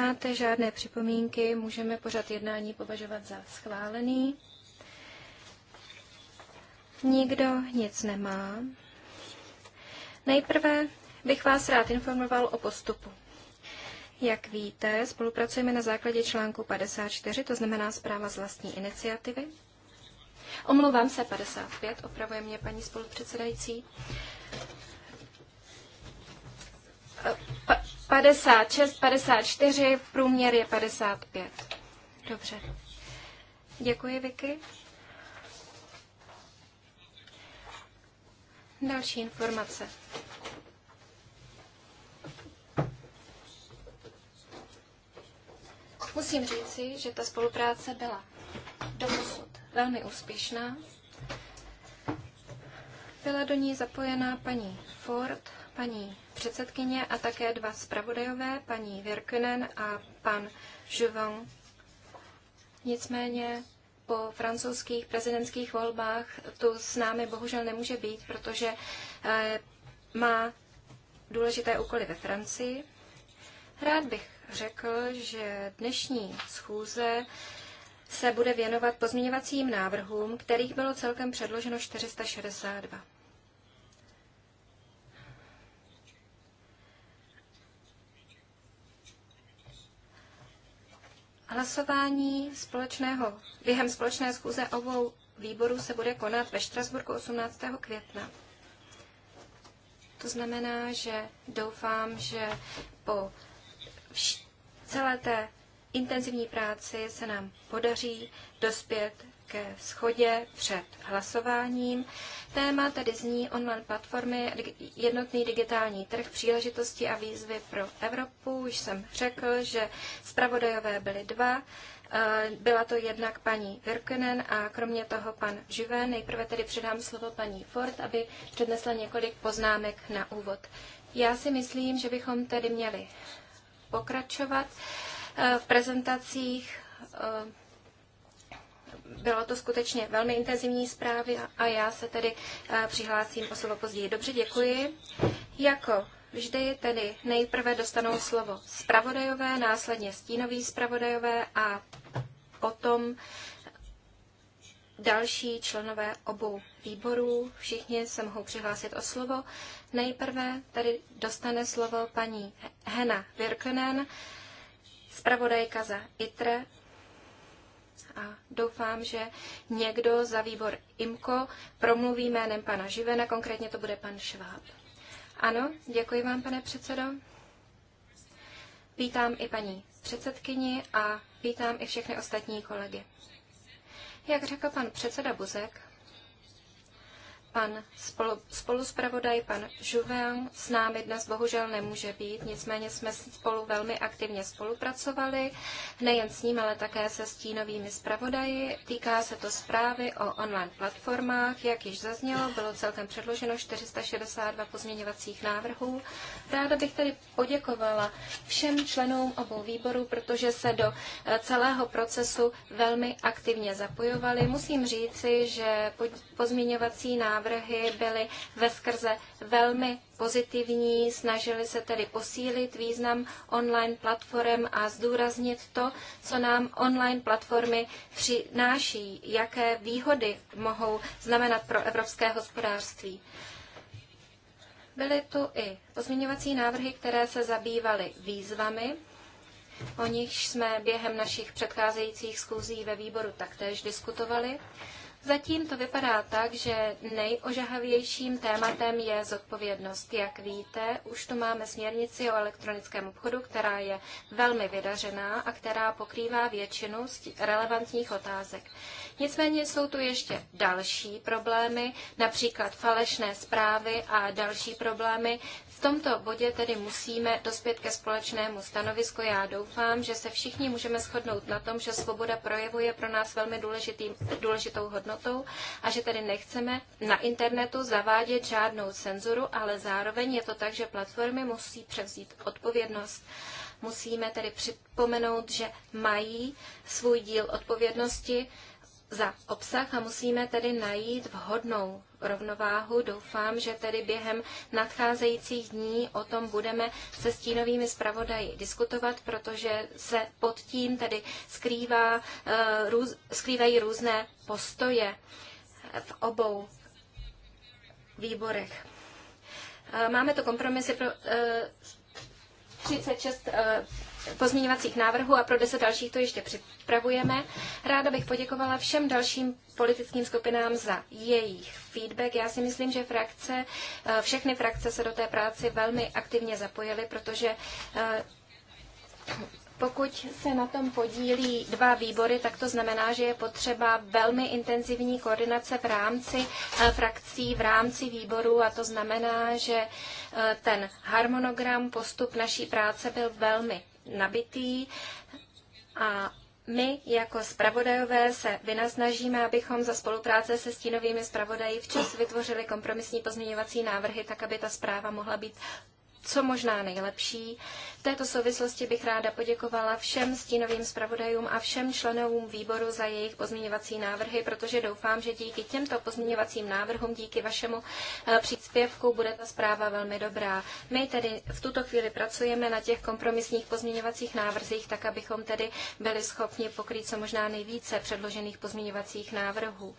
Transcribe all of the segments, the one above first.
nemáte žádné připomínky, můžeme pořad jednání považovat za schválený. Nikdo nic nemá. Nejprve bych vás rád informoval o postupu. Jak víte, spolupracujeme na základě článku 54, to znamená zpráva z vlastní iniciativy. Omlouvám se 55, opravuje mě paní spolupředsedající. 56, 54, průměr je 55. Dobře. Děkuji, Vicky. Další informace. Musím říci, že ta spolupráce byla doposud velmi úspěšná. Byla do ní zapojená paní Ford, paní předsedkyně a také dva zpravodajové, paní Virkenen a pan Juvon. Nicméně po francouzských prezidentských volbách tu s námi bohužel nemůže být, protože eh, má důležité úkoly ve Francii. Rád bych řekl, že dnešní schůze se bude věnovat pozměňovacím návrhům, kterých bylo celkem předloženo 462. Hlasování společného, během společné schůze obou výborů se bude konat ve Štrasburku 18. května. To znamená, že doufám, že po celé té intenzivní práci se nám podaří dospět ke schodě před hlasováním. Téma tedy zní online platformy, jednotný digitální trh, příležitosti a výzvy pro Evropu. Už jsem řekl, že zpravodajové byly dva. Eh, byla to jednak paní Virkenen a kromě toho pan Živé. Nejprve tedy předám slovo paní Ford, aby přednesla několik poznámek na úvod. Já si myslím, že bychom tedy měli pokračovat eh, v prezentacích eh, bylo to skutečně velmi intenzivní zprávy a já se tedy eh, přihlásím o slovo později. Dobře, děkuji. Jako vždy tedy nejprve dostanou slovo zpravodajové, následně stínoví zpravodajové a potom další členové obou výborů. Všichni se mohou přihlásit o slovo. Nejprve tady dostane slovo paní Hena Virkenen, zpravodajka za ITRE a doufám, že někdo za výbor IMKO promluví jménem pana Živena, konkrétně to bude pan Šváb. Ano, děkuji vám, pane předsedo. Vítám i paní předsedkyni a vítám i všechny ostatní kolegy. Jak řekl pan předseda Buzek, Pan spolu, spoluspravodaj, pan Žuvel, s námi dnes bohužel nemůže být, nicméně jsme spolu velmi aktivně spolupracovali, nejen s ním, ale také se stínovými zpravodaji. Týká se to zprávy o online platformách. Jak již zaznělo, bylo celkem předloženo 462 pozměňovacích návrhů. Ráda bych tedy poděkovala všem členům obou výborů, protože se do eh, celého procesu velmi aktivně zapojovali. Musím říci, že pozměňovací návrhy návrhy byly ve skrze velmi pozitivní, snažili se tedy posílit význam online platform a zdůraznit to, co nám online platformy přináší, jaké výhody mohou znamenat pro evropské hospodářství. Byly tu i pozměňovací návrhy, které se zabývaly výzvami. O nich jsme během našich předcházejících schůzí ve výboru taktéž diskutovali. Zatím to vypadá tak, že nejožahavějším tématem je zodpovědnost. Jak víte, už tu máme směrnici o elektronickém obchodu, která je velmi vydařená a která pokrývá většinu z relevantních otázek. Nicméně jsou tu ještě další problémy, například falešné zprávy a další problémy, tomto bodě tedy musíme dospět ke společnému stanovisku. Já doufám, že se všichni můžeme shodnout na tom, že svoboda projevu je pro nás velmi důležitý, důležitou hodnotou a že tedy nechceme na internetu zavádět žádnou cenzuru, ale zároveň je to tak, že platformy musí převzít odpovědnost. Musíme tedy připomenout, že mají svůj díl odpovědnosti za obsah a musíme tedy najít vhodnou rovnováhu. Doufám, že tedy během nadcházejících dní o tom budeme se stínovými zpravodaji diskutovat, protože se pod tím tedy skrývá, eh, růz, skrývají různé postoje v obou výborech. Eh, máme to kompromisy pro 36 eh, pozměňovacích návrhů a pro deset dalších to ještě připravujeme. Ráda bych poděkovala všem dalším politickým skupinám za jejich feedback. Já si myslím, že frakce, eh, všechny frakce se do té práce velmi aktivně zapojily, protože eh, pokud se na tom podílí dva výbory, tak to znamená, že je potřeba velmi intenzivní koordinace v rámci eh, frakcí, v rámci výboru a to znamená, že ten harmonogram, postup naší práce byl velmi nabitý a my jako zpravodajové se vynasnažíme, abychom za spolupráce se stínovými zpravodaji včas vytvořili kompromisní pozměňovací návrhy, tak aby ta zpráva mohla být co možná nejlepší. V této souvislosti bych ráda poděkovala všem stínovým zpravodajům a všem členům výboru za jejich pozměňovací návrhy, protože doufám, že díky těmto pozměňovacím návrhům, díky vašemu eh, příspěvku bude ta zpráva velmi dobrá. My tedy v tuto chvíli pracujeme na těch kompromisních pozměňovacích návrzích, tak abychom tedy byli schopni pokrýt co možná nejvíce předložených pozměňovacích návrhů.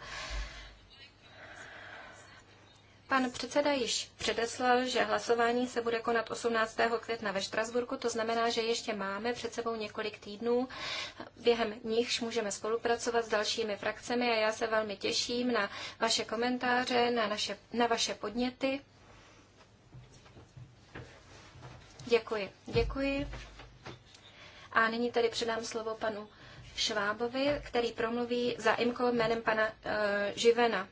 Pan předseda již předeslal, že hlasování se bude konat 18. května ve Štrasburku, to znamená, že ještě máme před sebou několik týdnů, během nichž můžeme spolupracovat s dalšími frakcemi a já se velmi těším na vaše komentáře, na, naše, na vaše podněty. Děkuji, děkuji. A nyní tedy předám slovo panu Švábovi, který promluví za IMKO jménem pana uh, Živena.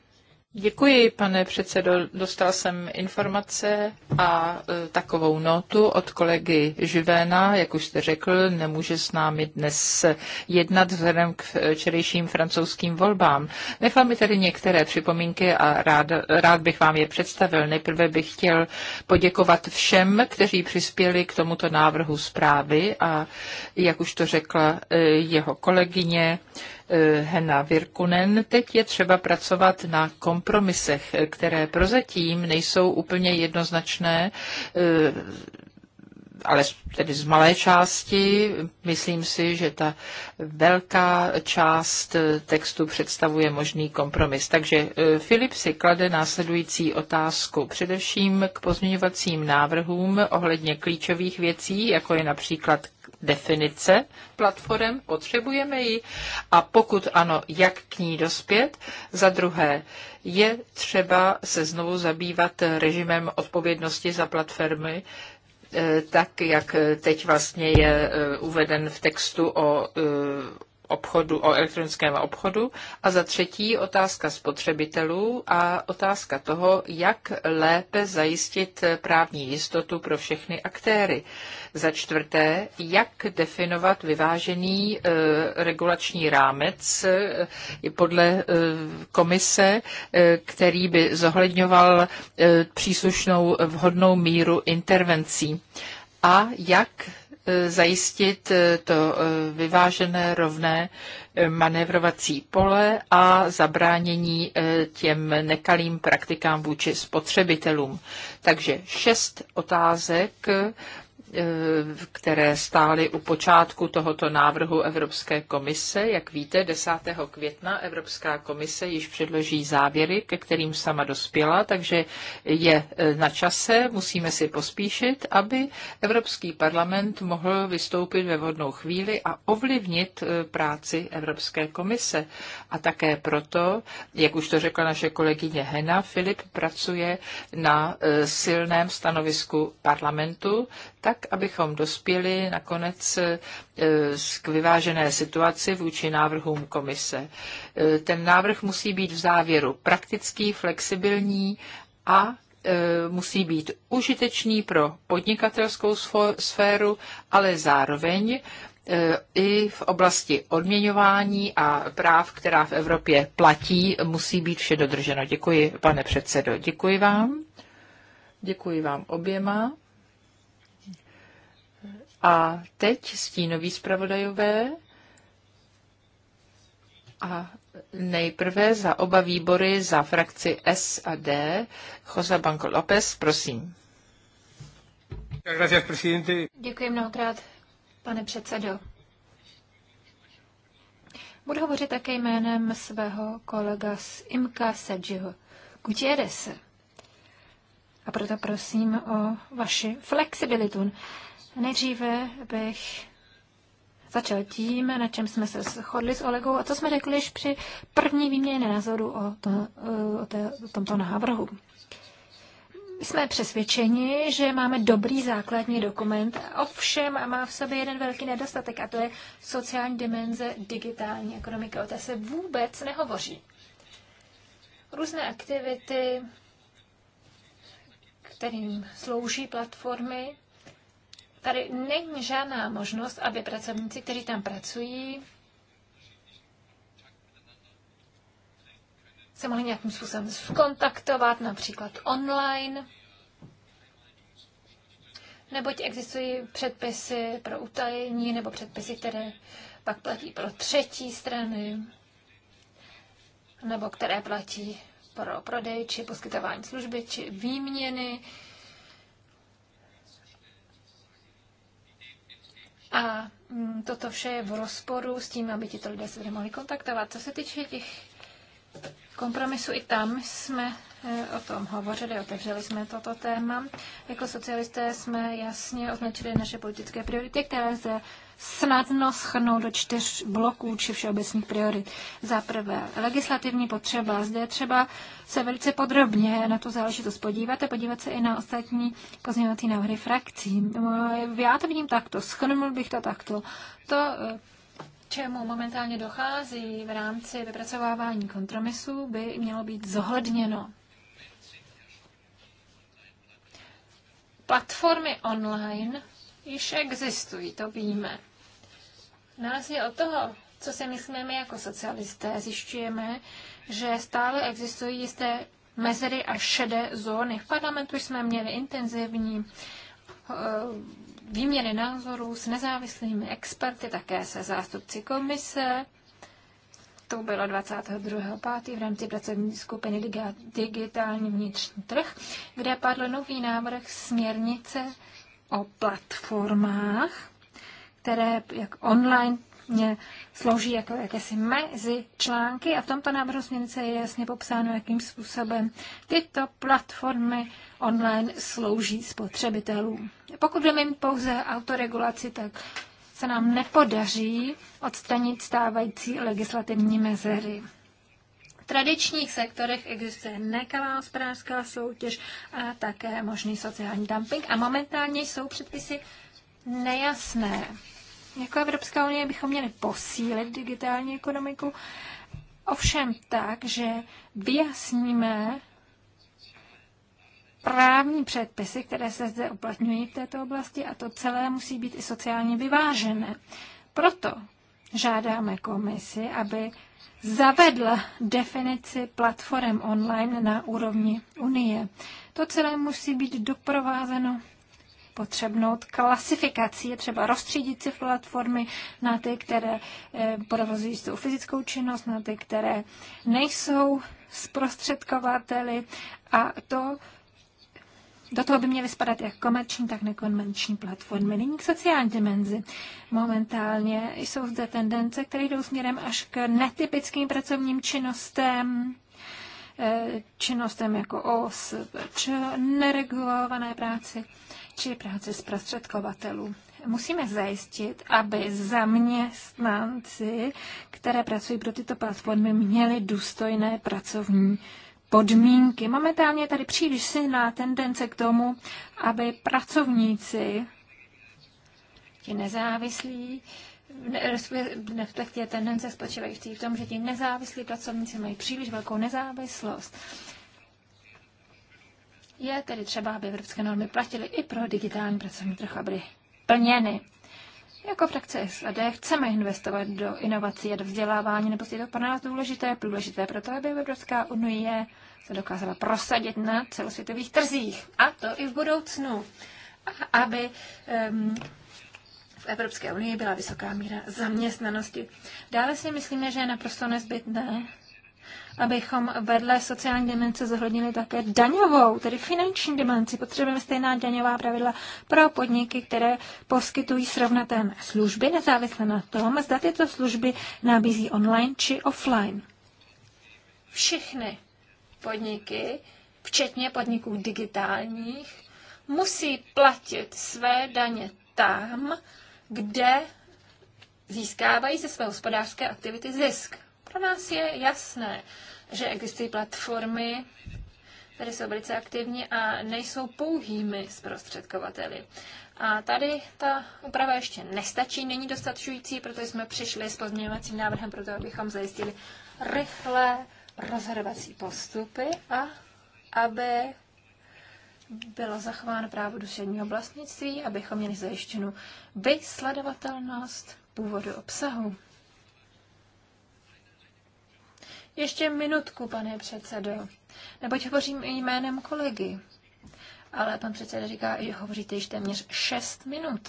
Děkuji, pane předsedo. Dostal jsem informace a e, takovou notu od kolegy Živéna, jak už jste řekl, nemůže s námi dnes jednat vzhledem k včerejším francouzským volbám. Nechal mi tedy některé připomínky a rád, rád bych vám je představil. Nejprve bych chtěl poděkovat všem, kteří přispěli k tomuto návrhu zprávy a jak už to řekla e, jeho kolegyně, Eh, Hena Virkunen. Teď je třeba pracovat na kompromisech, které prozatím nejsou úplně jednoznačné eh, ale tedy z malé části. Myslím si, že ta velká část textu představuje možný kompromis. Takže eh, Filip si klade následující otázku. Především k pozměňovacím návrhům ohledně klíčových věcí, jako je například definice platform, potřebujeme ji a pokud ano, jak k ní dospět. Za druhé, je třeba se znovu zabývat režimem odpovědnosti za platformy, eh, tak jak teď vlastně je eh, uveden v textu o eh, obchodu, o elektronickém obchodu a za třetí otázka spotřebitelů a otázka toho, jak lépe zajistit právní jistotu pro všechny aktéry. Za čtvrté, jak definovat vyvážený e, regulační rámec e, podle e, komise, e, který by zohledňoval e, příslušnou vhodnou míru intervencí a jak E, zajistit e, to e, vyvážené rovné manévrovací pole a zabránění těm nekalým praktikám vůči spotřebitelům. Takže šest otázek Eh, které stály u počátku tohoto návrhu Evropské komise. Jak víte, 10. května Evropská komise již předloží závěry, ke kterým sama dospěla, takže je eh, na čase, musíme si pospíšit, aby Evropský parlament mohl vystoupit ve vhodnou chvíli a ovlivnit eh, práci Evropské komise. A také proto, jak už to řekla naše kolegyně Hena, Filip pracuje na e, silném stanovisku parlamentu, tak, abychom dospěli nakonec e, k vyvážené situaci vůči návrhům komise. E, ten návrh musí být v závěru praktický, flexibilní a musí být užitečný pro podnikatelskou sféru, ale zároveň i v oblasti odměňování a práv, která v Evropě platí, musí být vše dodrženo. Děkuji, pane předsedo. Děkuji vám. Děkuji vám oběma. A teď stínoví zpravodajové. A nejprve za oba výbory, za frakci S a D. Jose Banco López, prosím. Děkuji mnohokrát, pane předsedo. Budu hovořit také jménem svého kolega z Imka Sedžiho Gutierrese. A proto prosím o vaši flexibilitu. Nejdříve bych začal tím, na čem jsme se shodli s Olegou a co jsme řekli již při první výměně názoru o, to, o, té, o tomto návrhu jsme přesvědčeni, že máme dobrý základní dokument, ovšem má v sobě jeden velký nedostatek a to je sociální dimenze digitální ekonomiky. O té se vůbec nehovoří. Různé aktivity, kterým slouží platformy, tady není žádná možnost, aby pracovníci, kteří tam pracují, se mohli nějakým způsobem skontaktovat, například online. Neboť existují předpisy pro utajení nebo předpisy, které pak platí pro třetí strany, nebo které platí pro prodej či poskytování služby či výměny. A mm, toto vše je v rozporu s tím, aby ti to lidé se mohli kontaktovat. Co se týče těch kompromisu. I tam jsme eh, o tom hovořili, otevřeli jsme toto téma. Jako socialisté jsme jasně označili naše politické priority, které se snadno schrnout do čtyř bloků či všeobecných priorit. Za prvé, legislativní potřeba. Zde třeba se velice podrobně na tu záležitost podívat a podívat se i na ostatní pozměňovací návrhy frakcí. No, já to vidím takto, schrnul bych to takto. To eh, čemu momentálně dochází v rámci vypracovávání kompromisů, by mělo být zohledněno. Platformy online již existují, to víme. je od toho, co si myslíme jako socialisté, zjišťujeme, že stále existují jisté mezery a šedé zóny. V parlamentu jsme měli intenzivní eh, výměny názorů s nezávislými experty, také se zástupci komise. To bylo 22.5. v rámci pracovní skupiny Digitální vnitřní trh, kde padl nový návrh směrnice o platformách, které jak online mě slouží jako jakési mezi články a v tomto návrhu směrnice je jasně popsáno, jakým způsobem tyto platformy online slouží spotřebitelům. Pokud budeme mít pouze autoregulaci, tak se nám nepodaří odstranit stávající legislativní mezery. V tradičních sektorech existuje nekalá hospodářská soutěž a také možný sociální dumping a momentálně jsou předpisy nejasné. Jako Evropská unie bychom měli posílit digitální ekonomiku, ovšem tak, že vyjasníme právní předpisy, které se zde uplatňují v této oblasti a to celé musí být i sociálně vyvážené. Proto žádáme komisi, aby zavedla definici platform online na úrovni Unie. To celé musí být doprovázeno potřebnou klasifikací. Je třeba rozstřídit si platformy na ty, které eh, provozují svou fyzickou činnost, na ty, které nejsou zprostředkovateli a to do toho by měly spadat jak komerční, tak nekonvenční platformy. Nyní k sociální dimenzi. Momentálně jsou zde tendence, které jdou směrem až k netypickým pracovním činnostem, eh, činnostem jako či neregulované práci či práci zprostředkovatelů. Musíme zajistit, aby zaměstnanci, které pracují pro tyto platformy, měli důstojné pracovní podmínky. Momentálně tady příliš silná tendence k tomu, aby pracovníci, ti nezávislí, respektive tendence spočívající v tom, že ti nezávislí pracovníci mají příliš velkou nezávislost. Je tedy třeba, aby evropské normy platily i pro digitální pracovní trh, aby plněny. Jako frakce SAD chceme investovat do inovací a do vzdělávání, nebo je to pro nás důležité, důležité pro to, aby Evropská unie se dokázala prosadit na celosvětových trzích, a to i v budoucnu, a aby um, v Evropské unii byla vysoká míra zaměstnanosti. Dále si myslíme, že je naprosto nezbytné abychom vedle sociální dimenze zohlednili také daňovou, tedy finanční dimenzi. Potřebujeme stejná daňová pravidla pro podniky, které poskytují srovnatelné služby, nezávisle na tom, zda tyto služby nabízí online či offline. Všechny podniky, včetně podniků digitálních, musí platit své daně tam, kde získávají ze své hospodářské aktivity zisk. Pro nás je jasné, že existují platformy, které jsou velice aktivní a nejsou pouhými zprostředkovateli. A tady ta úprava ještě nestačí, není dostačující, protože jsme přišli s pozměňovacím návrhem proto, abychom zajistili rychlé rozhodovací postupy a aby bylo zachováno právo duševního vlastnictví, abychom měli zajištěnu vysledovatelnost původu obsahu. Ještě minutku, pane předsedo, neboť hovořím i jménem kolegy. Ale pan předseda říká, že hovoříte již téměř 6 minut.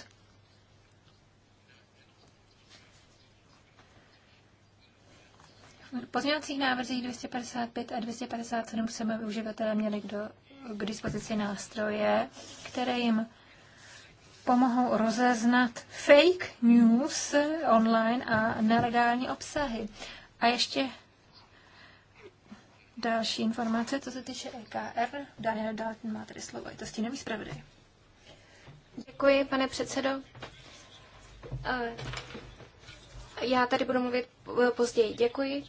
V pozměňovacích návrzích 255 a 257 jsme uživatelé měli kdo, k dispozici nástroje, které jim pomohou rozeznat fake news online a nelegální obsahy. A ještě Další informace, co se týče EKR. Daniel Dalton má tady slovo, je to s tím Děkuji, pane předsedo. Eh, já tady budu mluvit eh, později. Děkuji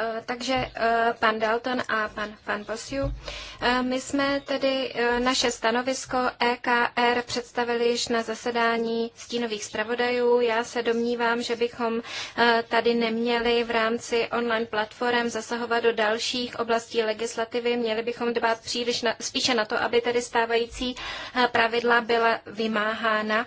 Eh, takže eh, pan Dalton a pan Van Bosiu. Eh, my jsme tedy naše stanovisko EKR představili již na zasedání stínových zpravodajů. Já se domnívám, že bychom tady neměli v rámci online platform zasahovat do dalších oblastí legislativy. Měli bychom dbát příliš na, spíše na to, aby tedy stávající pravidla byla vymáhána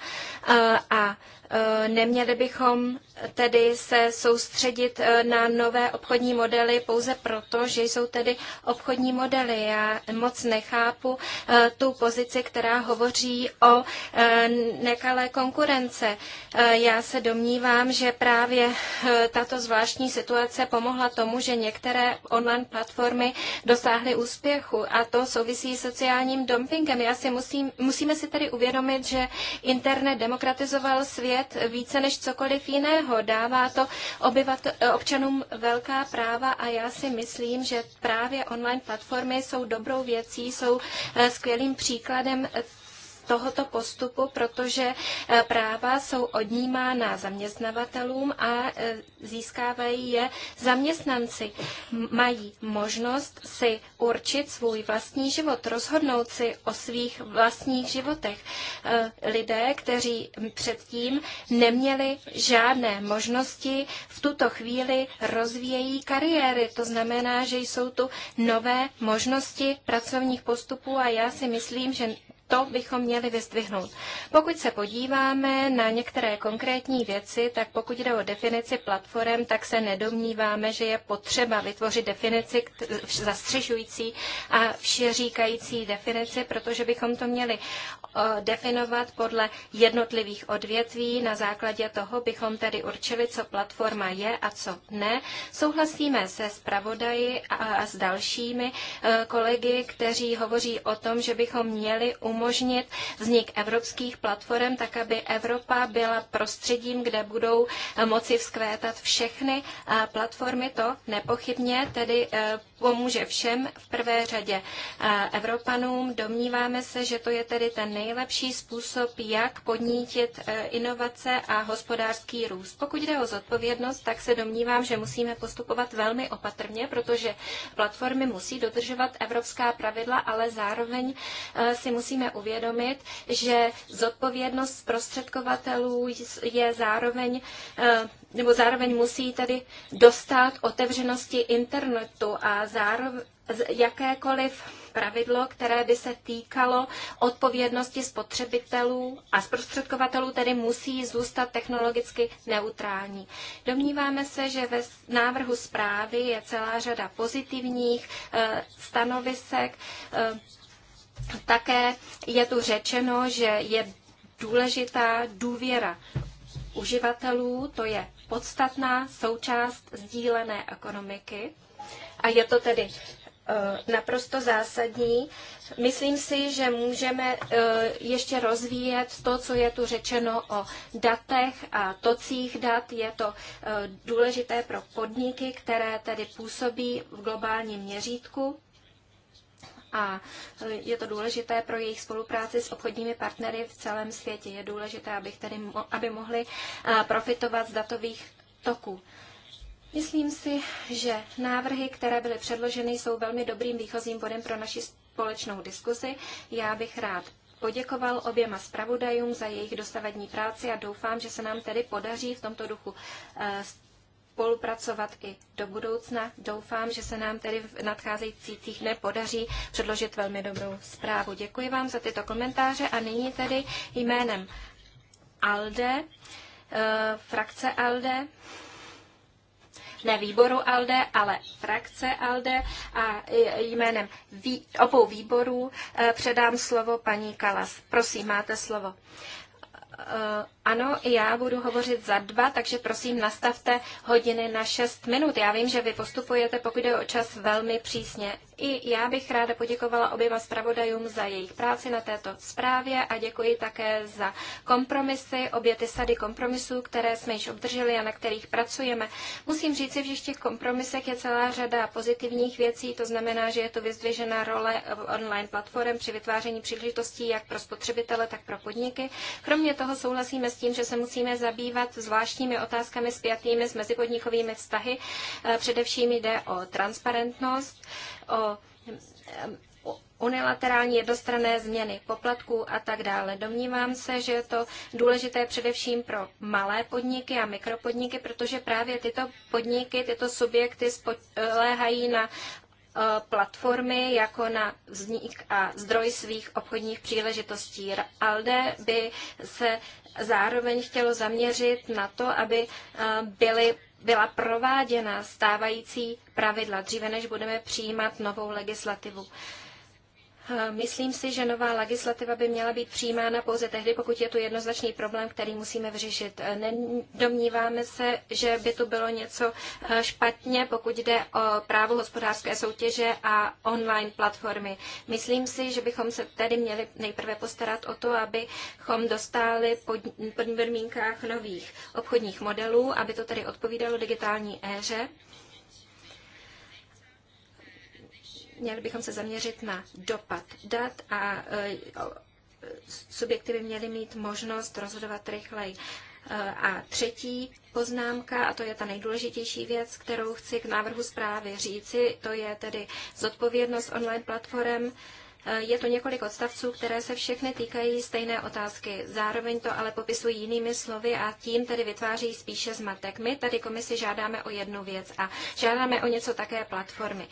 a Eh, neměli bychom tedy se soustředit eh, na nové obchodní modely pouze proto, že jsou tedy obchodní modely. Já moc nechápu eh, tu pozici, která hovoří o nekalé konkurence. Já se domnívám, že právě tato zvláštní situace pomohla tomu, že některé online platformy dosáhly úspěchu a to souvisí s sociálním dumpingem. Já si musím, musíme si tedy uvědomit, že internet demokratizoval svět svět více než cokoliv jiného. Dává to obyvat, občanům velká práva a já si myslím, že právě online platformy jsou dobrou věcí, jsou eh, skvělým příkladem tohoto postupu, protože eh, práva jsou odnímána zaměstnavatelům a eh, získávají je zaměstnanci. Mají možnost si určit svůj vlastní život, rozhodnout si o svých vlastních životech. Eh, lidé, kteří předtím neměli žádné možnosti, v tuto chvíli rozvíjejí kariéry. To znamená, že jsou tu nové možnosti pracovních postupů a já si myslím, že to bychom měli vyzdvihnout. Pokud se podíváme na některé konkrétní věci, tak pokud jde o definici platform, tak se nedomníváme, že je potřeba vytvořit definici zastřežující a všeříkající definici, protože bychom to měli definovat podle jednotlivých odvětví. Na základě toho bychom tedy určili, co platforma je a co ne. Souhlasíme se zpravodaji a s dalšími e, kolegy, kteří hovoří o tom, že bychom měli um umožnit vznik evropských platform, tak aby Evropa byla prostředím, kde budou eh, moci vzkvétat všechny eh, platformy. To nepochybně tedy eh, pomůže všem, v prvé řadě eh, Evropanům. Domníváme se, že to je tedy ten nejlepší způsob, jak podnítit eh, inovace a hospodářský růst. Pokud jde o zodpovědnost, tak se domnívám, že musíme postupovat velmi opatrně, protože platformy musí dodržovat evropská pravidla, ale zároveň eh, si musíme uvědomit, že zodpovědnost zprostředkovatelů je zároveň nebo zároveň musí tedy dostat otevřenosti internetu a zároveň jakékoliv pravidlo, které by se týkalo odpovědnosti spotřebitelů a zprostředkovatelů, tedy musí zůstat technologicky neutrální. Domníváme se, že ve návrhu zprávy je celá řada pozitivních eh, stanovisek. Eh, také je tu řečeno, že je důležitá důvěra uživatelů, to je podstatná součást sdílené ekonomiky. A je to tedy eh, naprosto zásadní. Myslím si, že můžeme eh, ještě rozvíjet to, co je tu řečeno o datech a tocích dat. Je to eh, důležité pro podniky, které tedy působí v globálním měřítku a je to důležité pro jejich spolupráci s obchodními partnery v celém světě. Je důležité, aby, tedy, aby mohli profitovat z datových toků. Myslím si, že návrhy, které byly předloženy, jsou velmi dobrým výchozím bodem pro naši společnou diskuzi. Já bych rád poděkoval oběma zpravodajům za jejich dosavadní práci a doufám, že se nám tedy podaří v tomto duchu eh, spolupracovat i do budoucna. Doufám, že se nám tedy v nadcházejících dnech podaří předložit velmi dobrou zprávu. Děkuji vám za tyto komentáře a nyní tedy jménem ALDE, eh, frakce ALDE, ne výboru ALDE, ale frakce ALDE a jménem vý, obou výborů eh, předám slovo paní Kalas. Prosím, máte slovo eh, ano, já budu hovořit za dva, takže prosím nastavte hodiny na šest minut. Já vím, že vy postupujete, pokud jde o čas, velmi přísně. I já bych ráda poděkovala oběma zpravodajům za jejich práci na této zprávě a děkuji také za kompromisy, obě ty sady kompromisů, které jsme již obdrželi a na kterých pracujeme. Musím říct, že v těch kompromisech je celá řada pozitivních věcí, to znamená, že je to vyzdvěžená role online platform při vytváření příležitostí jak pro spotřebitele, tak pro podniky. Kromě toho souhlasíme s tím, že se musíme zabývat zvláštními otázkami spjatými s mezipodnikovými vztahy. Eh, především jde o transparentnost, eh, o unilaterální jednostranné změny poplatků a tak dále. Domnívám se, že je to důležité především pro malé podniky a mikropodniky, protože právě tyto podniky, tyto subjekty spoléhají na Eh, platformy jako na vznik a zdroj svých obchodních příležitostí. ALDE by se zároveň chtělo zaměřit na to, aby eh, byly byla prováděna stávající pravidla, dříve než budeme přijímat novou legislativu. Eh, myslím si, že nová legislativa by měla být přijímána pouze tehdy, pokud je tu jednoznačný problém, který musíme vyřešit. Eh, domníváme se, že by tu bylo něco eh, špatně, pokud jde o právo hospodářské soutěže a online platformy. Myslím si, že bychom se tedy měli nejprve postarat o to, abychom dostali pod podmínkách nových obchodních modelů, aby to tedy odpovídalo digitální éře Měli bychom se zaměřit na dopad dat a e, subjekty by měly mít možnost rozhodovat rychleji. E, a třetí poznámka, a to je ta nejdůležitější věc, kterou chci k návrhu zprávy říci, to je tedy zodpovědnost online platform. E, je to několik odstavců, které se všechny týkají stejné otázky. Zároveň to ale popisují jinými slovy a tím tedy vytváří spíše zmatek. My tady komisi žádáme o jednu věc a žádáme o něco také platformy.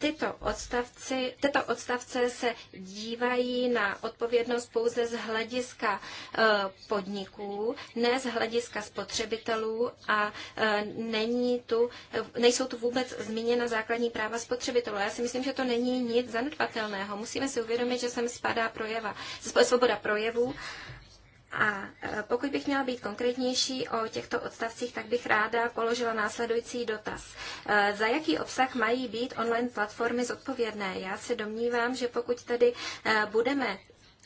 Tyto odstavci, tyto odstavce se dívají na odpovědnost pouze z hlediska e, podniků, ne z hlediska spotřebitelů a e, není tu, nejsou tu vůbec zmíněna základní práva spotřebitelů. Já si myslím, že to není nic zanedbatelného. Musíme si uvědomit, že sem spadá projeva, svoboda projevů a e, pokud bych měla být konkrétnější o těchto odstavcích, tak bych ráda položila následující dotaz. E, za jaký obsah mají být online platformy zodpovědné? Já se domnívám, že pokud tedy e, budeme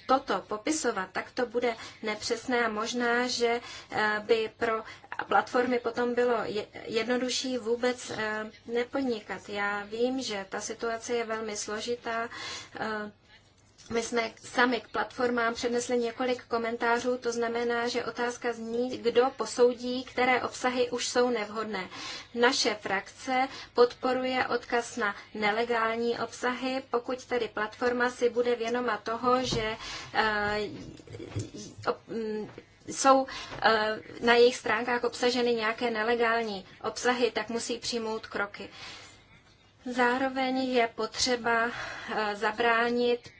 toto popisovat, tak to bude nepřesné a možná, že by pro platformy potom bylo jednodušší vůbec nepodnikat. Já vím, že ta situace je velmi složitá. My jsme sami k platformám přednesli několik komentářů, to znamená, že otázka zní, kdo posoudí, které obsahy už jsou nevhodné. Naše frakce podporuje odkaz na nelegální obsahy, pokud tedy platforma si bude věnoma toho, že eh, mm, jsou eh, na jejich stránkách obsaženy nějaké nelegální obsahy, tak musí přijmout kroky. Zároveň je potřeba eh, zabránit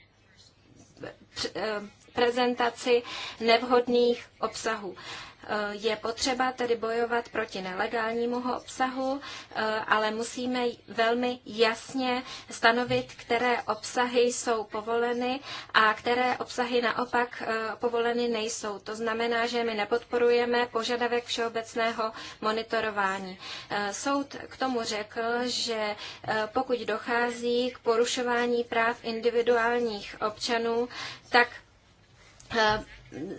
Eh, prezentaci nevhodných obsahů. Je potřeba tedy bojovat proti nelegálnímu obsahu, eh, ale musíme velmi jasně stanovit, které obsahy jsou povoleny a které obsahy naopak eh, povoleny nejsou. To znamená, že my nepodporujeme požadavek všeobecného monitorování. Eh, soud k tomu řekl, že pokud dochází k porušování práv individuálních občanů, tak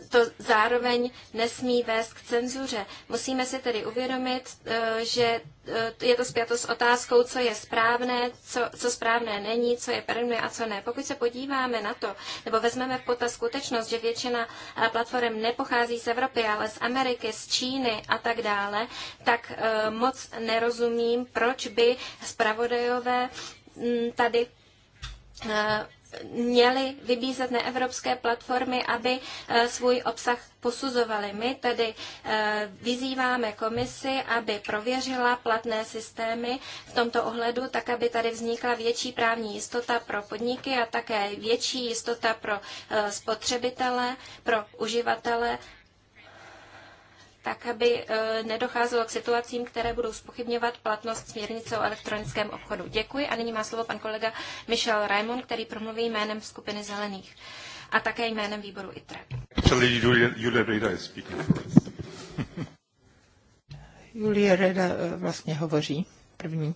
to zároveň nesmí vést k cenzuře. Musíme si tedy uvědomit, eh, že eh, je to spjato s otázkou, co je správné, co, co správné není, co je první a co ne. Pokud se podíváme na to, nebo vezmeme v potaz skutečnost, že většina eh, platform nepochází z Evropy, ale z Ameriky, z Číny a tak dále, tak moc nerozumím, proč by zpravodajové mm, tady měli vybízet neevropské platformy, aby eh, svůj obsah posuzovali. My tedy eh, vyzýváme komisi, aby prověřila platné systémy v tomto ohledu, tak aby tady vznikla větší právní jistota pro podniky a také větší jistota pro eh, spotřebitele, pro uživatele tak aby e, nedocházelo k situacím, které budou spochybňovat platnost směrnice o elektronickém obchodu. Děkuji a nyní má slovo pan kolega Michel Raimond, který promluví jménem skupiny Zelených a také jménem výboru ITRE. Julia, Reda Julia Reda e, vlastně hovoří první.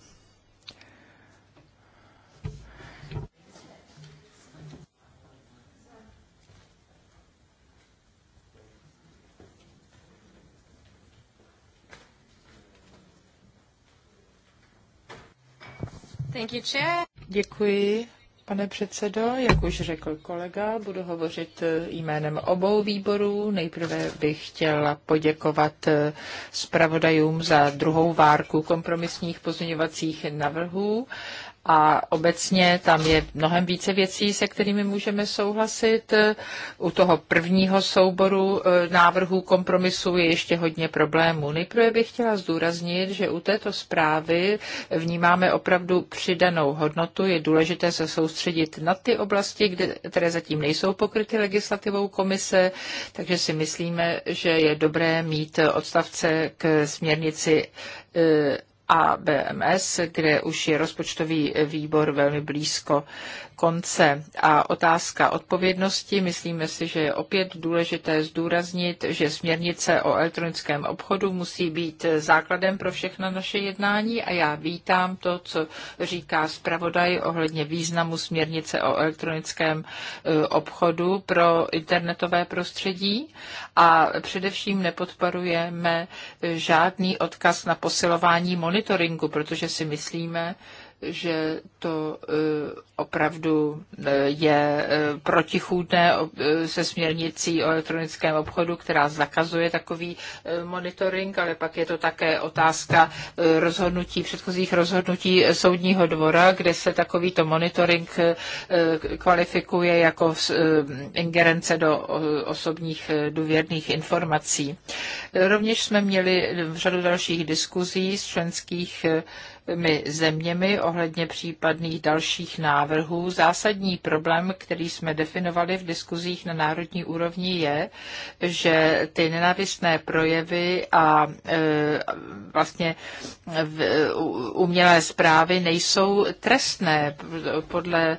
Děkuji, pane předsedo. Jak už řekl kolega, budu hovořit eh, jménem obou výborů. Nejprve bych chtěla poděkovat eh, zpravodajům za druhou várku kompromisních pozměňovacích navrhů a obecně tam je mnohem více věcí, se kterými můžeme souhlasit. U toho prvního souboru e, návrhů kompromisu je ještě hodně problémů. Nejprve bych chtěla zdůraznit, že u této zprávy vnímáme opravdu přidanou hodnotu. Je důležité se soustředit na ty oblasti, kde, které zatím nejsou pokryty legislativou komise, takže si myslíme, že je dobré mít odstavce k směrnici e, a BMS, kde už je rozpočtový výbor velmi blízko konce. A otázka odpovědnosti, myslíme si, že je opět důležité zdůraznit, že směrnice o elektronickém obchodu musí být základem pro všechna naše jednání a já vítám to, co říká zpravodaj ohledně významu směrnice o elektronickém e, obchodu pro internetové prostředí a především nepodporujeme žádný odkaz na posilování monitoringu, protože si myslíme, že to eh, opravdu eh, je eh, protichůdné se směrnicí o elektronickém obchodu, která zakazuje takový monitoring, ale pak je to také otázka rozhodnutí, předchozích rozhodnutí soudního dvora, kde se takovýto monitoring kvalifikuje jako ingerence do osobních důvěrných informací. Rovněž jsme měli řadu dalších diskuzí z členských mi zeměmi ohledně případných dalších návrhů. Zásadní problém, který jsme definovali v diskuzích na národní úrovni, je, že ty nenávistné projevy a e, vlastně umělé zprávy nejsou trestné podle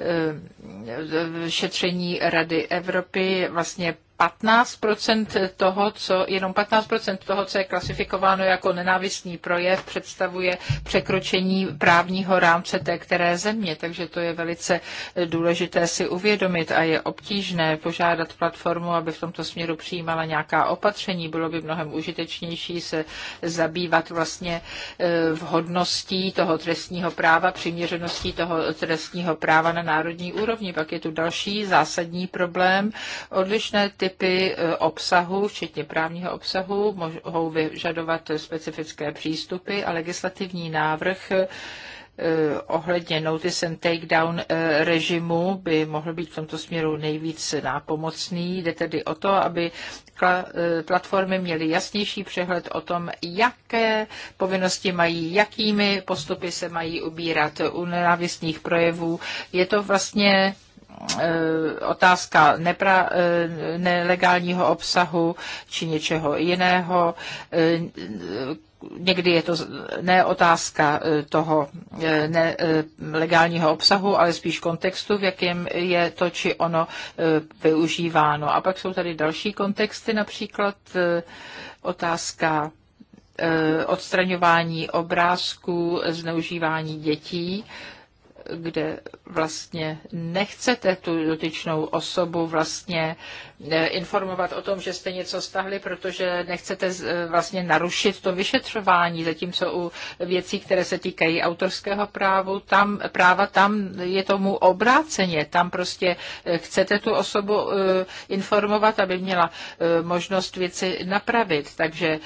e, šetření Rady Evropy vlastně 15 toho, co, jenom 15 toho, co je klasifikováno jako nenávistný projev, představuje překročení právního rámce té které země. Takže to je velice důležité si uvědomit a je obtížné požádat platformu, aby v tomto směru přijímala nějaká opatření. Bylo by mnohem užitečnější se zabývat vlastně eh, vhodností toho trestního práva, přiměřeností toho trestního práva na národní úrovni. Pak je tu další zásadní problém, odlišné ty typy e, obsahu, včetně právního obsahu, mohou vyžadovat specifické přístupy a legislativní návrh e, ohledně notice and takedown e, režimu by mohl být v tomto směru nejvíc nápomocný. Jde tedy o to, aby platformy měly jasnější přehled o tom, jaké povinnosti mají, jakými postupy se mají ubírat u nenávistných projevů. Je to vlastně Eh, otázka nepra, eh, nelegálního obsahu či něčeho jiného. Eh, někdy je to ne otázka toho ne, legálního obsahu, ale spíš kontextu, v jakém je to či ono využíváno. A pak jsou tady další kontexty, například otázka odstraňování obrázků, zneužívání dětí kde vlastně nechcete tu dotyčnou osobu vlastně eh, informovat o tom, že jste něco stahli, protože nechcete eh, vlastně narušit to vyšetřování, zatímco u věcí, které se týkají autorského právu, tam, práva, tam je tomu obráceně. Tam prostě eh, chcete tu osobu informovat, aby měla možnost věci napravit. Takže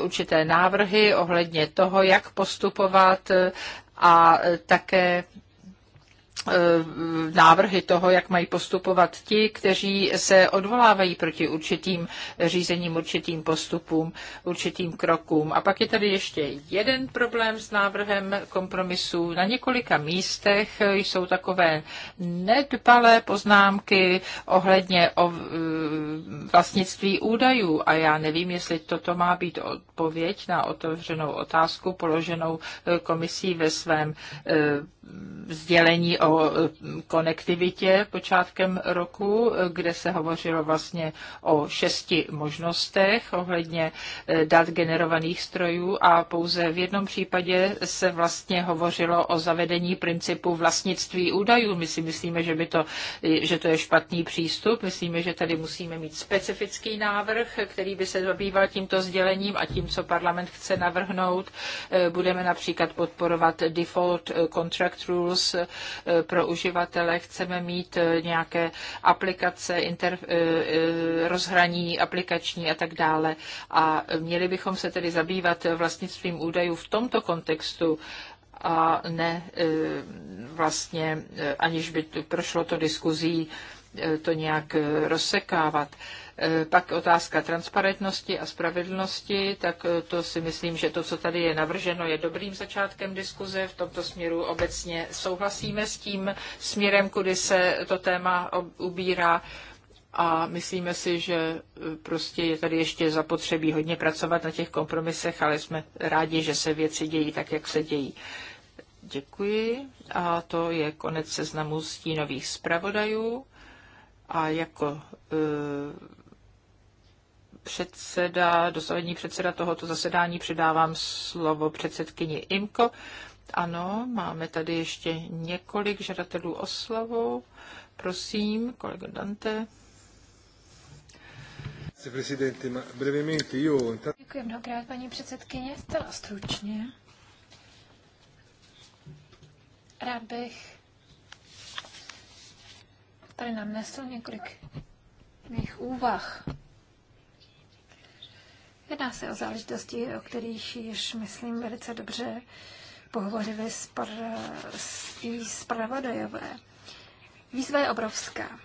určité návrhy ohledně toho, jak postupovat a také Eh, návrhy toho, jak mají postupovat ti, kteří se odvolávají proti určitým řízením, určitým postupům, určitým krokům. A pak je tady ještě jeden problém s návrhem kompromisu. Na několika místech jsou takové nedbalé poznámky ohledně o eh, vlastnictví údajů a já nevím, jestli toto má být odpověď na otevřenou otázku položenou eh, komisí ve svém sdělení o o eh, konektivitě počátkem roku, eh, kde se hovořilo vlastně o šesti možnostech ohledně eh, dat generovaných strojů a pouze v jednom případě se vlastně hovořilo o zavedení principu vlastnictví údajů. My si myslíme, že, by to, že to je špatný přístup. Myslíme, že tady musíme mít specifický návrh, který by se zabýval tímto sdělením a tím, co parlament chce navrhnout. Budeme například podporovat default contract rules, pro uživatele, chceme mít eh, nějaké aplikace, inter, eh, eh, rozhraní aplikační a tak dále. A měli bychom se tedy zabývat vlastnictvím údajů v tomto kontextu a ne vlastně, aniž by prošlo to diskuzí Eh, to nějak eh, rozsekávat. Eh, pak otázka transparentnosti a spravedlnosti, tak to si myslím, že to, co tady je navrženo, je dobrým začátkem diskuze. V tomto směru obecně souhlasíme s tím směrem, kudy se to téma ubírá a myslíme si, že prostě je tady ještě zapotřebí hodně pracovat na těch kompromisech, ale jsme rádi, že se věci dějí tak, jak se dějí. Děkuji a to je konec seznamu stínových zpravodajů a jako e, předseda, dosavadní předseda tohoto zasedání předávám slovo předsedkyni IMKO. Ano, máme tady ještě několik žadatelů o slovo. Prosím, kolega Dante. Děkuji mnohokrát, paní předsedkyně. Zcela stručně. Rád bych tady nám nesl několik mých úvah. Jedná se o záležitosti, o kterých již, myslím, velice dobře pohovořili i zpravodajové. Výzva je obrovská.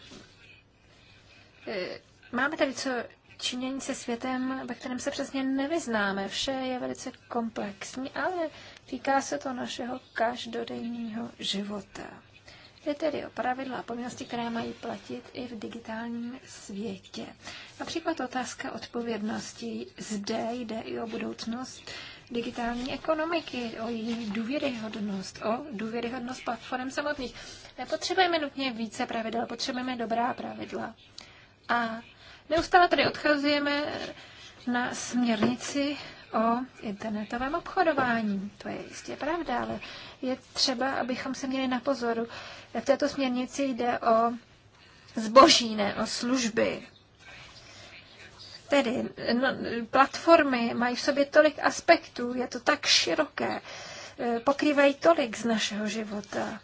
E, máme tady co činění se světem, ve kterém se přesně nevyznáme. Vše je velice komplexní, ale týká se to našeho každodenního života. Jde tedy o pravidla a povinnosti, které mají platit i v digitálním světě. Například otázka odpovědnosti. Zde jde i o budoucnost digitální ekonomiky, o její důvěryhodnost, o důvěryhodnost platform samotných. Nepotřebujeme nutně více pravidel, potřebujeme dobrá pravidla. A neustále tady odcházíme na směrnici o internetovém obchodování. To je jistě pravda, ale je třeba, abychom se měli na pozoru. V této směrnici jde o zboží, ne o služby. Tedy no, platformy mají v sobě tolik aspektů, je to tak široké, eh, pokrývají tolik z našeho života.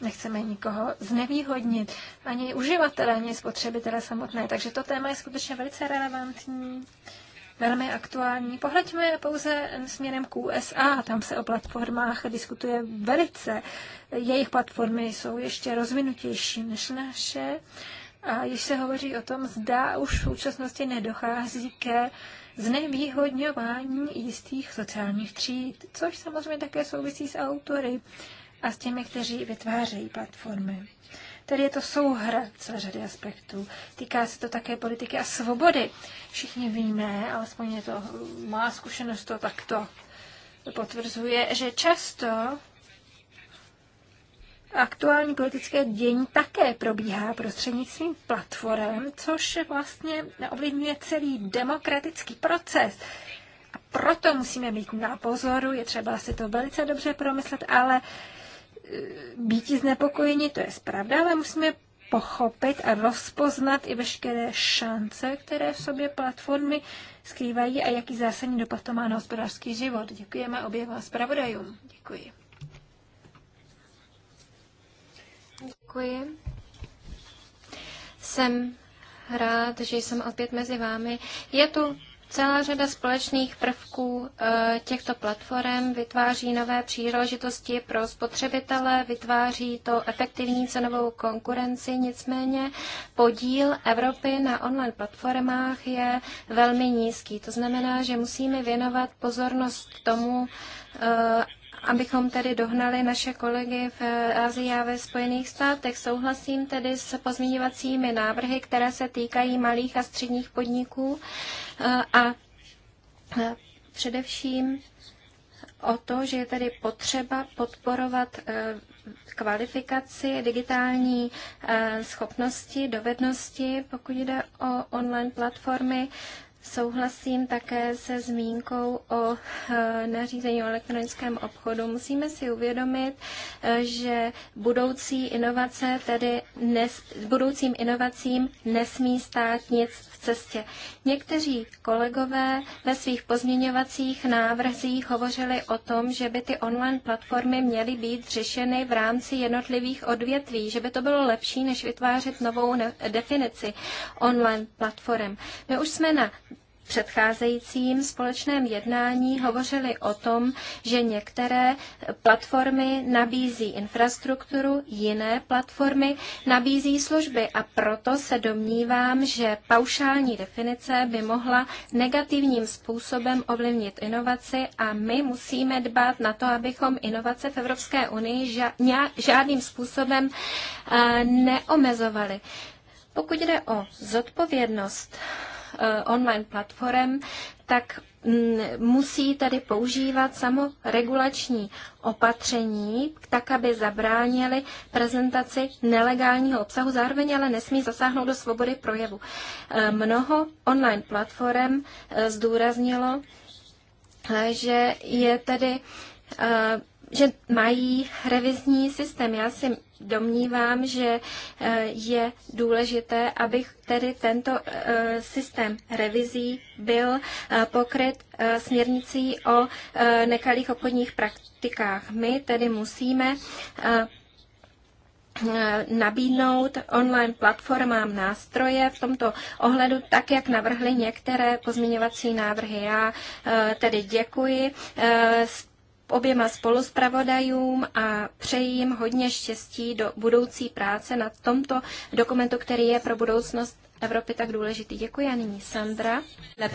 Nechceme nikoho znevýhodnit, ani uživatele, ani spotřebitele samotné. Takže to téma je skutečně velice relevantní velmi aktuální. Pohleďme pouze směrem k USA, tam se o platformách diskutuje velice. Jejich platformy jsou ještě rozvinutější než naše. A již se hovoří o tom, zda už v současnosti nedochází ke znevýhodňování jistých sociálních tříd, což samozřejmě také souvisí s autory a s těmi, kteří vytvářejí platformy. Tedy je to souhra celé řady aspektů. Týká se to také politiky a svobody. Všichni víme, alespoň je to, má zkušenost to takto potvrzuje, že často aktuální politické dění také probíhá prostřednictvím platform, což vlastně ovlivňuje celý demokratický proces. A proto musíme být na pozoru, je třeba si to velice dobře promyslet, ale uh, být znepokojeni, to je pravda, ale musíme pochopit a rozpoznat i veškeré šance, které v sobě platformy skrývají a jaký zásadní dopad to má na hospodářský život. Děkujeme oběma zpravodajům. Děkuji. Děkuji. Jsem rád, že jsem opět mezi vámi. Je tu Celá řada společných prvků eh, těchto platform vytváří nové příležitosti pro spotřebitele, vytváří to efektivní cenovou konkurenci, nicméně podíl Evropy na online platformách je velmi nízký. To znamená, že musíme věnovat pozornost tomu, eh, abychom tedy dohnali naše kolegy v Asii a ve Spojených státech. Souhlasím tedy s pozměňovacími návrhy, které se týkají malých a středních podniků eh, a eh, především o to, že je tedy potřeba podporovat eh, kvalifikaci, digitální schopnosti, dovednosti, pokud jde o online platformy. Souhlasím také se zmínkou o eh, nařízení o elektronickém obchodu. Musíme si uvědomit, eh, že budoucí inovace, tedy nes, budoucím inovacím nesmí stát nic v cestě. Někteří kolegové ve svých pozměňovacích návrzích hovořili o tom, že by ty online platformy měly být řešeny v rámci jednotlivých odvětví, že by to bylo lepší, než vytvářet novou definici online platform. My už jsme na předcházejícím společném jednání hovořili o tom, že některé platformy nabízí infrastrukturu, jiné platformy nabízí služby a proto se domnívám, že paušální definice by mohla negativním způsobem ovlivnit inovaci a my musíme dbát na to, abychom inovace v Evropské unii žádným způsobem eh, neomezovali. Pokud jde o zodpovědnost, Eh, online platform, tak mm, musí tady používat samoregulační opatření, tak aby zabránili prezentaci nelegálního obsahu, zároveň ale nesmí zasáhnout do svobody projevu. Eh, mnoho online platform eh, zdůraznilo, že je tedy že mají revizní systém. Já si domnívám, že eh, je důležité, aby tedy tento eh, systém revizí byl eh, pokryt směrnicí o nekalých obchodních praktikách. My tedy musíme nabídnout online platformám nástroje v tomto ohledu, tak jak navrhly některé pozměňovací návrhy. Já tedy děkuji oběma spoluspravodajům a přeji jim hodně štěstí do budoucí práce na tomto dokumentu, který je pro budoucnost Evropy tak důležitý. Děkuji a nyní Sandra. La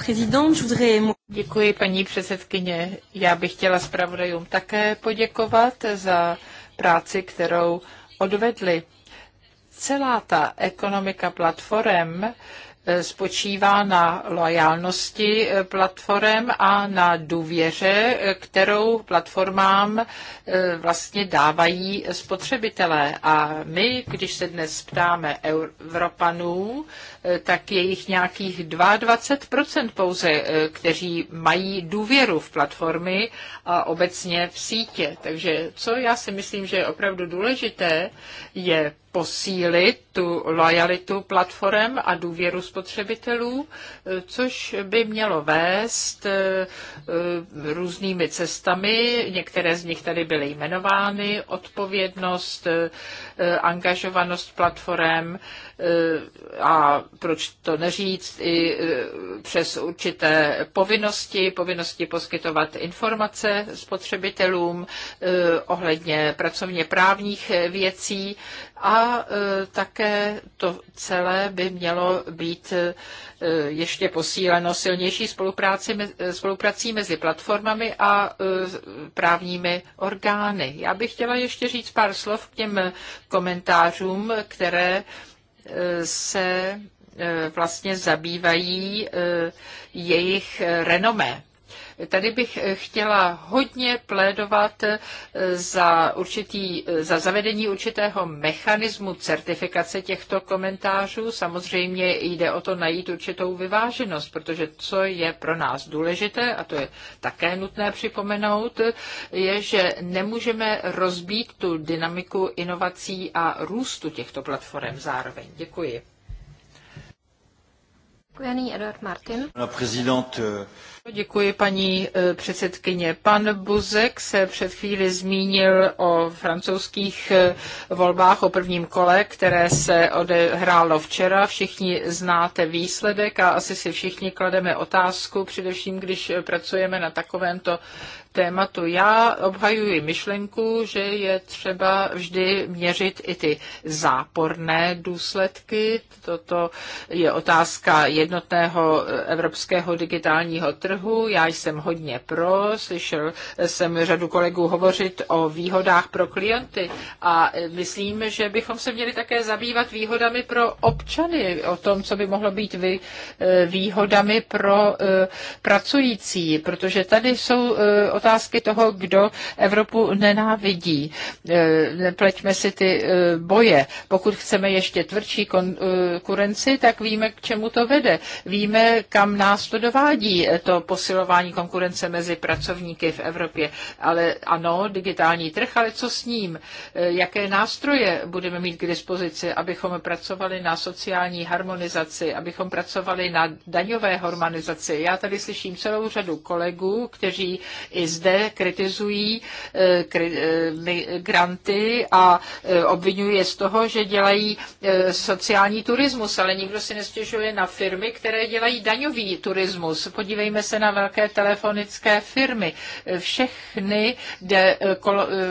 Děkuji paní předsedkyně. Já bych chtěla zpravodajům také poděkovat za práci, kterou odvedli. Celá ta ekonomika platform Eh, spočívá na loajálnosti eh, platform a na důvěře, eh, kterou platformám vlastně dávají spotřebitelé. A my, když se dnes ptáme Evropanů, tak je jich nějakých 22% pouze, eh, kteří mají důvěru v platformy a obecně v sítě. Takže co já si myslím, že je opravdu důležité, je posílit tu lojalitu platform a důvěru spotřebitelů, eh, což by mělo vést eh, různými cestami. Některé z nich tady byly jmenovány, odpovědnost, angažovanost platform a proč to neříct, i e, přes určité povinnosti, povinnosti poskytovat informace spotřebitelům e, ohledně pracovně právních věcí a e, také to celé by mělo být ještě posíleno silnější spolupráci, spoluprací mezi platformami a právními orgány. Já bych chtěla ještě říct pár slov k těm komentářům, které se E, vlastně zabývají e, jejich renomé. Tady bych e, chtěla hodně plédovat za, určitý, za zavedení určitého mechanismu certifikace těchto komentářů. Samozřejmě jde o to najít určitou vyváženost, protože co je pro nás důležité, a to je také nutné připomenout, je, že nemůžeme rozbít tu dynamiku inovací a růstu těchto platform zároveň. Děkuji. Eh, Děkuji, paní eh, předsedkyně. Pan Buzek se před chvíli zmínil o francouzských eh, volbách o prvním kole, které se odehrálo včera. Všichni znáte výsledek a asi si všichni klademe otázku, především když pracujeme na takovémto tématu. Já obhajuji myšlenku, že je třeba vždy měřit i ty záporné důsledky. Toto je otázka jednotného evropského digitálního trhu. Já jsem hodně pro, slyšel jsem řadu kolegů hovořit o výhodách pro klienty a myslím, že bychom se měli také zabývat výhodami pro občany, o tom, co by mohlo být vy, eh, výhodami pro eh, pracující, protože tady jsou eh, otázky toho, kdo Evropu nenávidí. Nepleťme si ty e, boje. Pokud chceme ještě tvrdší konkurenci, e, tak víme, k čemu to vede. Víme, kam nás to dovádí, e, to posilování konkurence mezi pracovníky v Evropě. Ale ano, digitální trh, ale co s ním? Jaké nástroje budeme mít k dispozici, abychom pracovali na sociální harmonizaci, abychom pracovali na daňové harmonizaci? Já tady slyším celou řadu kolegů, kteří i zde kritizují eh, eh, migranty a eh, obvinují je z toho, že dělají sociální turismus, ale nikdo si nestěžuje na firmy, které dělají daňový turismus. Podívejme se na velké telefonické firmy. Všechny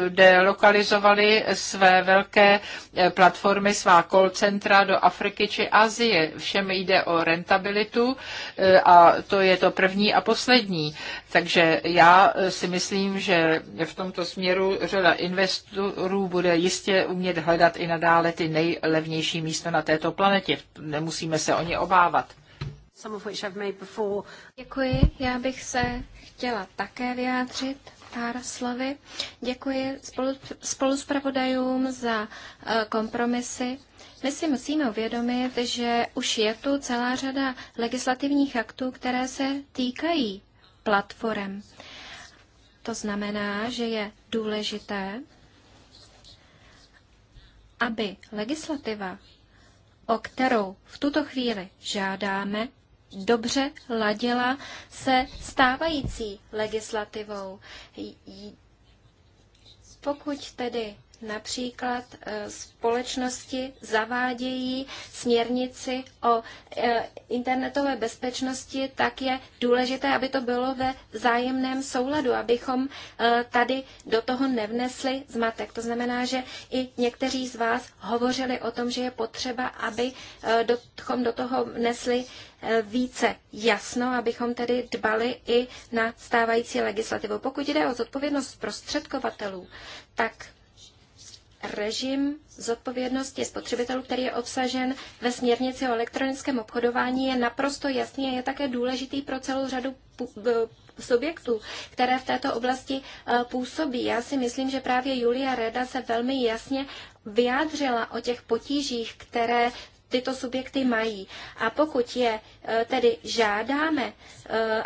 delokalizovaly své velké platformy, svá call centra do Afriky či Azie. Všem jde o rentabilitu a to je to první a poslední. Takže já si myslím, že v tomto směru řada investorů bude jistě umět hledat i nadále ty nejlevnější místa na této planetě. Nemusíme se o ně obávat. Děkuji, já bych se chtěla také vyjádřit pár slovy. Děkuji spolu, spoluspravodajům za eh, kompromisy. My si musíme uvědomit, že už je tu celá řada legislativních aktů, které se týkají platform. To znamená, že je důležité, aby legislativa, o kterou v tuto chvíli žádáme, dobře ladila se stávající legislativou. Pokud tedy Například eh, společnosti zavádějí směrnici o eh, internetové bezpečnosti, tak je důležité, aby to bylo ve vzájemném souladu, abychom eh, tady do toho nevnesli zmatek. To znamená, že i někteří z vás hovořili o tom, že je potřeba, abychom do toho vnesli více jasno, abychom tedy dbali i na stávající legislativu. Pokud jde o zodpovědnost prostředkovatelů, tak režim zodpovědnosti spotřebitelů, který je obsažen ve směrnici o elektronickém obchodování, je naprosto jasný a je také důležitý pro celou řadu eh, subjektů, které v této oblasti eh, působí. Já si myslím, že právě Julia Reda se velmi jasně vyjádřila o těch potížích, které tyto subjekty mají. A pokud je e, tedy žádáme, e,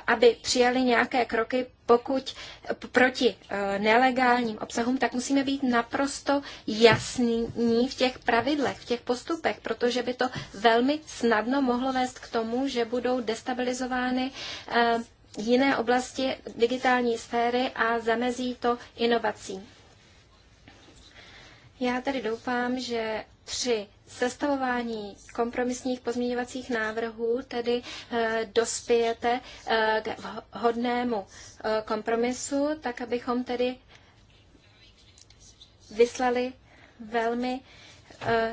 aby přijali nějaké kroky pokud proti e, nelegálním obsahům, tak musíme být naprosto jasní v těch pravidlech, v těch postupech, protože by to velmi snadno mohlo vést k tomu, že budou destabilizovány jiné oblasti digitální sféry a zamezí to inovacím. Já tedy doufám, že při sestavování kompromisních pozměňovacích návrhů tedy eh, dospějete eh, k hodnému eh, kompromisu, tak abychom tedy vyslali velmi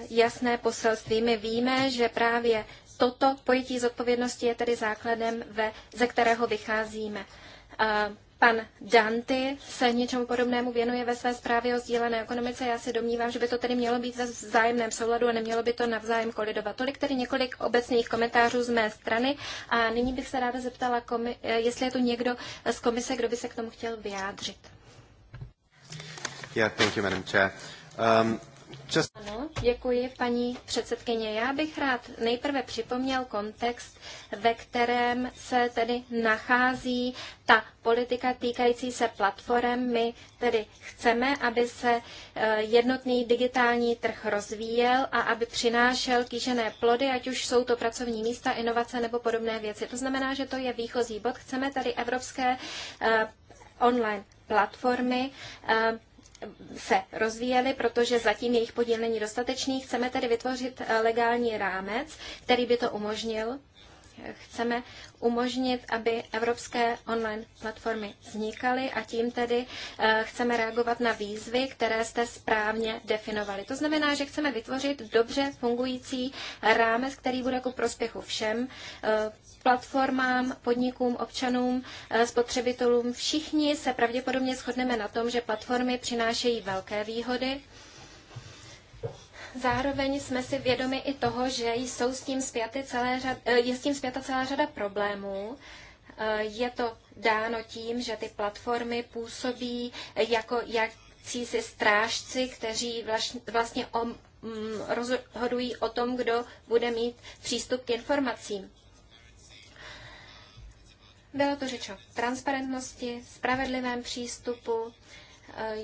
jasné poselství. My víme, že právě toto pojetí zodpovědnosti je tedy základem, ve, ze kterého vycházíme. Pan Danty se něčemu podobnému věnuje ve své zprávě o sdílené ekonomice. Já se domnívám, že by to tedy mělo být ve vzájemném souladu a nemělo by to navzájem kolidovat. Tolik tedy několik obecných komentářů z mé strany a nyní bych se ráda zeptala, komi- eh, jestli je tu někdo z komise, kdo by se k tomu chtěl vyjádřit. Yeah, thank you, Madam Chair. Um, přes... Ano, děkuji, paní předsedkyně. Já bych rád nejprve připomněl kontext, ve kterém se tedy nachází ta politika týkající se platform. My tedy chceme, aby se e, jednotný digitální trh rozvíjel a aby přinášel kýžené plody, ať už jsou to pracovní místa, inovace nebo podobné věci. To znamená, že to je výchozí bod. Chceme tady evropské e, online platformy, e, se rozvíjely, protože zatím jejich podíl není dostatečný. Chceme tedy vytvořit eh, legální rámec, který by to umožnil. Chceme umožnit, aby evropské online platformy vznikaly a tím tedy eh, chceme reagovat na výzvy, které jste správně definovali. To znamená, že chceme vytvořit dobře fungující rámec, který bude ku prospěchu všem eh, platformám, podnikům, občanům, eh, spotřebitelům. Všichni se pravděpodobně shodneme na tom, že platformy přinášejí velké výhody. Zároveň jsme si vědomi i toho, že jsou s tím celé řad, eh, je s tím zpěta celá řada problémů. Eh, je to dáno tím, že ty platformy působí jako si strážci, kteří vlastně mm, rozhodují o tom, kdo bude mít přístup k informacím. Bylo to řeč o transparentnosti, spravedlivém přístupu, eh,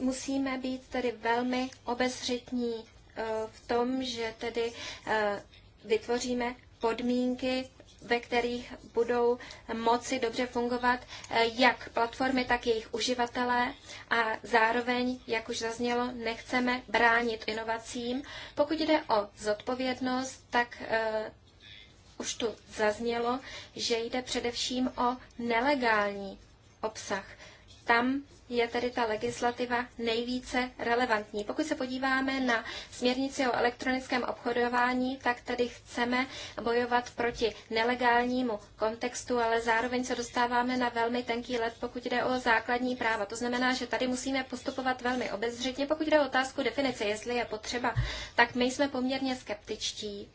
musíme být tedy velmi obezřetní eh, v tom, že tedy eh, vytvoříme podmínky ve kterých budou moci dobře fungovat eh, jak platformy, tak jejich uživatelé a zároveň, jak už zaznělo, nechceme bránit inovacím. Pokud jde o zodpovědnost, tak eh, už tu zaznělo, že jde především o nelegální obsah tam je tedy ta legislativa nejvíce relevantní. Pokud se podíváme na směrnici o elektronickém obchodování, tak tady chceme bojovat proti nelegálnímu kontextu, ale zároveň se dostáváme na velmi tenký let, pokud jde o základní práva. To znamená, že tady musíme postupovat velmi obezřetně. Pokud jde o otázku definice, jestli je potřeba, tak my jsme poměrně skeptičtí.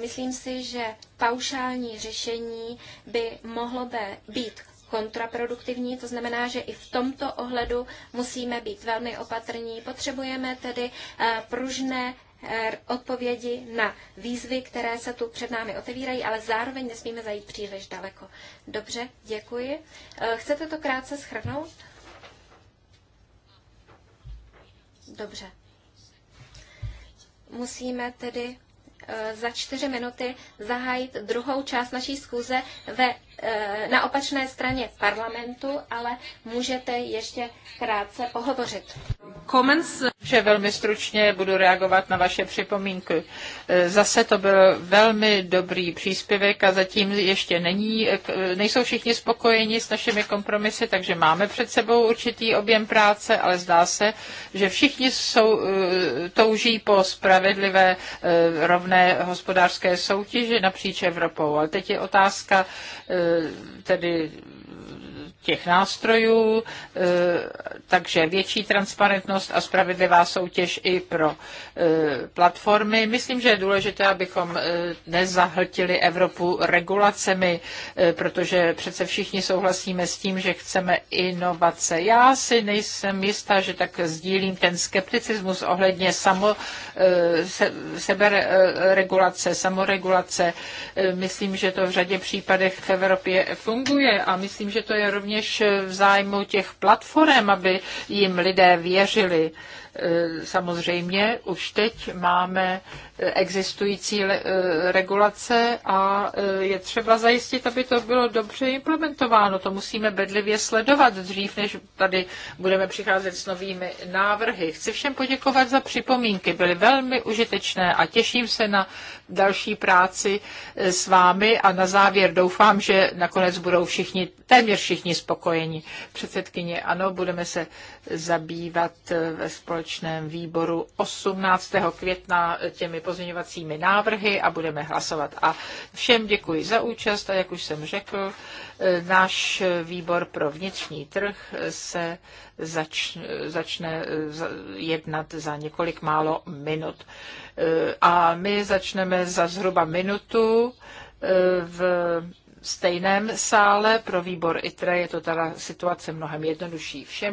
Myslím si, že paušální řešení by mohlo být kontraproduktivní. To znamená, že i v tomto ohledu musíme být velmi opatrní. Potřebujeme tedy eh, pružné eh, odpovědi na výzvy, které se tu před námi otevírají, ale zároveň nesmíme zajít příliš daleko. Dobře, děkuji. Eh, chcete to krátce schrnout? Dobře. Musíme tedy za čtyři minuty zahájit druhou část naší schůze ve Eh, na opačné straně parlamentu, ale můžete ještě krátce pohovořit. Comments. Že velmi stručně budu reagovat na vaše připomínky. Eh, zase to byl velmi dobrý příspěvek a zatím ještě není, eh, nejsou všichni spokojeni s našimi kompromisy, takže máme před sebou určitý objem práce, ale zdá se, že všichni jsou, touží po spravedlivé rovné hospodářské soutěži napříč Evropou. Ale teď je otázka, tedy těch nástrojů, eh, takže větší transparentnost a spravedlivá soutěž i pro eh, platformy. Myslím, že je důležité, abychom eh, nezahltili Evropu regulacemi, protože přece všichni souhlasíme s tím, že chceme inovace. Já si nejsem jistá, že tak sdílím ten skepticismus ohledně samo, se, seberegulace, samoregulace. Myslím, že to v řadě případech v Evropě funguje a myslím, že to je rovně rovněž v zájmu těch platform, aby jim lidé věřili. Eh, samozřejmě už teď máme eh, existující eh, regulace a je třeba zajistit, aby to bylo dobře implementováno. To musíme bedlivě sledovat dřív, než tady budeme přicházet s novými návrhy. Chci všem poděkovat za připomínky, byly velmi užitečné a těším se na další práci s vámi a na závěr doufám, že nakonec budou všichni, téměř všichni spokojeni. Předsedkyně, ano, budeme se zabývat ve společnosti společném výboru 18. května těmi pozměňovacími návrhy a budeme hlasovat. A všem děkuji za účast a jak už jsem řekl, náš výbor pro vnitřní trh se začne, začne eh, jednat za několik málo minut. Eh, a my začneme za zhruba minutu eh, v stejném sále. Pro výbor ITRE je to teda situace mnohem jednodušší. Všem